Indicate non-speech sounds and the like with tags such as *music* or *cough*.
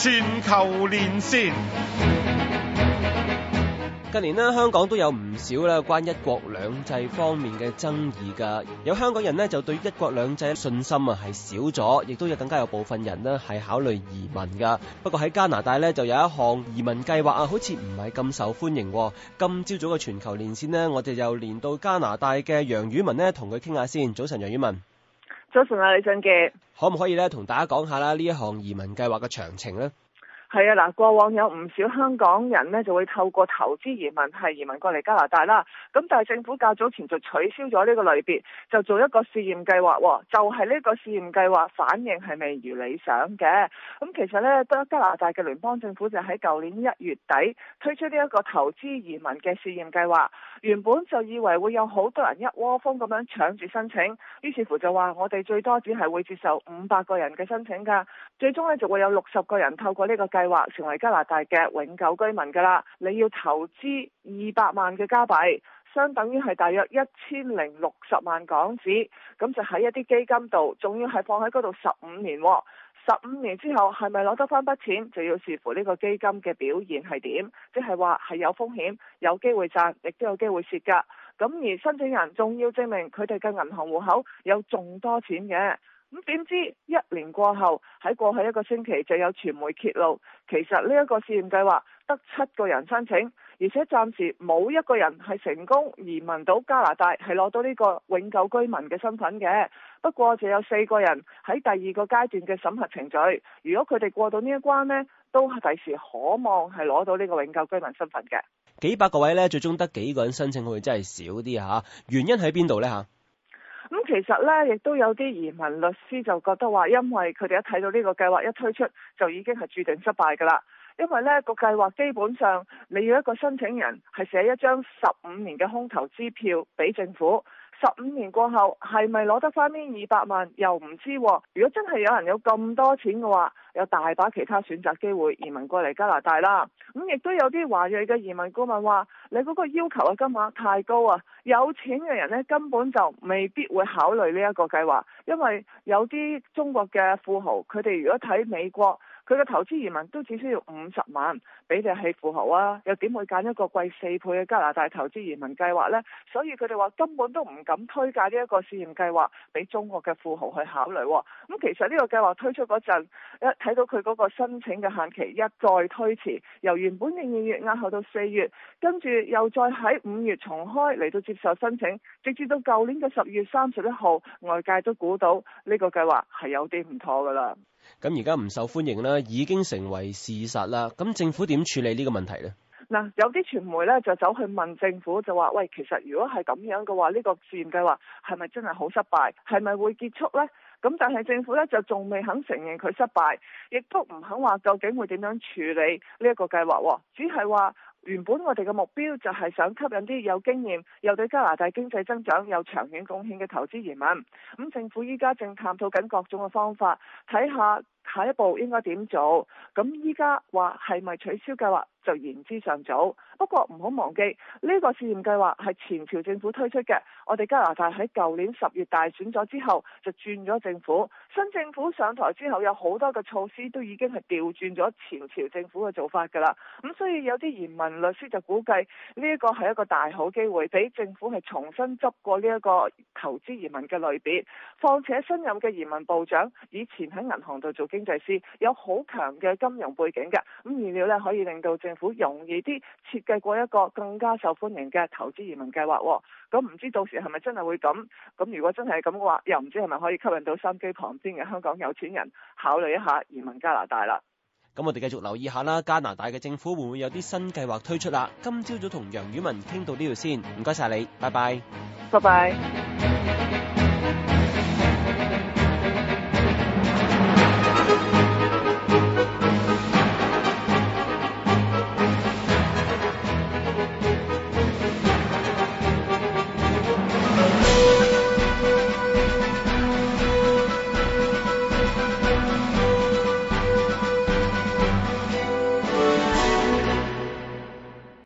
全球連線。近年咧，香港都有唔少咧關一國兩制方面嘅爭議噶，有香港人咧就對一國兩制信心啊係少咗，亦都有更加有部分人咧係考慮移民噶。不過喺加拿大咧就有一項移民計劃啊，好似唔係咁受歡迎。今朝早嘅全球連線咧，我哋又連到加拿大嘅楊婉文咧，同佢傾下先。早晨，楊婉文。早晨啊，李俊傑，可唔可以咧同大家講下啦呢一項移民計劃嘅詳情咧？係啊，嗱，過往有唔少香港人呢就會透過投資移民係移民過嚟加拿大啦。咁但係政府較早前就取消咗呢個類別，就做一個試驗計劃。哦、就係、是、呢個試驗計劃反應係未如理想嘅。咁、嗯、其實呢，加拿大嘅聯邦政府就喺舊年一月底推出呢一個投資移民嘅試驗計劃。原本就以為會有好多人一窩蜂咁樣搶住申請，於是乎就話我哋最多只係會接受五百個人嘅申請噶。最終呢，就會有六十個人透過呢個計劃計劃成為加拿大嘅永久居民噶啦，你要投資二百萬嘅加幣，相等於係大約一千零六十萬港紙，咁就喺一啲基金度，仲要係放喺嗰度十五年喎，十五年之後係咪攞得翻筆錢，就要視乎呢個基金嘅表現係點，即係話係有風險，有機會賺，亦都有機會蝕噶。咁而申請人仲要證明佢哋嘅銀行戶口有仲多錢嘅。咁點知一年過後，喺過去一個星期就有傳媒揭露，其實呢一個試驗計劃得七個人申請，而且暫時冇一個人係成功移民到加拿大，係攞到呢個永久居民嘅身份嘅。不過，就有四個人喺第二個階段嘅審核程序，如果佢哋過到呢一關呢，都係第時可望係攞到呢個永久居民身份嘅。幾百個位呢，最終得幾個人申請去，真係少啲嚇。原因喺邊度呢？嚇？咁其實呢，亦都有啲移民律師就覺得話，因為佢哋一睇到呢個計劃一推出，就已經係注定失敗㗎啦。因為呢個計劃基本上，你要一個申請人係寫一張十五年嘅空頭支票畀政府。十五年過後係咪攞得翻呢二百萬又唔知、啊？如果真係有人有咁多錢嘅話，有大把其他選擇機會移民過嚟加拿大啦。咁、嗯、亦都有啲華裔嘅移民顧問話：你嗰個要求嘅金額太高啊！有錢嘅人呢，根本就未必會考慮呢一個計劃，因為有啲中國嘅富豪佢哋如果睇美國。佢嘅投資移民都只需要五十萬，比你係富豪啊，又點會揀一個貴四倍嘅加拿大投資移民計劃呢？所以佢哋話根本都唔敢推介呢一個試驗計劃俾中國嘅富豪去考慮、啊。咁、嗯、其實呢個計劃推出嗰陣，一睇到佢嗰個申請嘅限期一再推遲，由原本嘅二月押後到四月，跟住又再喺五月重開嚟到接受申請，直至到舊年嘅十月三十一號，外界都估到呢個計劃係有啲唔妥噶啦。咁而家唔受歡迎啦，已經成為事實啦。咁政府點處理呢個問題呢？嗱、 *music* 嗯，有啲傳媒呢就走去問政府，就話：喂，其實如果係咁樣嘅話呢、這個試驗計劃係咪真係好失敗？係咪會結束呢？」咁但係政府呢就仲未肯承認佢失敗，亦都唔肯話究竟會點樣處理呢一個計劃，只係話。原本我哋嘅目標就係想吸引啲有經驗又對加拿大經濟增長有長遠貢獻嘅投資移民，咁政府依家正探討緊各種嘅方法，睇下，下一步應該點做？咁依家話係咪取消計劃就言之尚早。不過唔好忘記呢個試驗計劃係前朝政府推出嘅。我哋加拿大喺舊年十月大選咗之後就轉咗政府，新政府上台之後有好多嘅措施都已經係調轉咗前朝政府嘅做法㗎啦。咁所以有啲移民律師就估計呢一個係一個大好機會，俾政府係重新執過呢一個投資移民嘅類別。況且新任嘅移民部長以前喺銀行度做經濟師有好強嘅金融背景嘅，咁預料咧可以令到政府容易啲設計過一個更加受歡迎嘅投資移民計劃。咁唔知到時係咪真係會咁？咁如果真係咁嘅話，又唔知係咪可以吸引到身邊旁邊嘅香港有錢人考慮一下移民加拿大啦。咁我哋繼續留意下啦，加拿大嘅政府會唔會有啲新計劃推出啦？今朝早同楊婉文傾到呢度先，唔該晒你，拜拜，拜拜。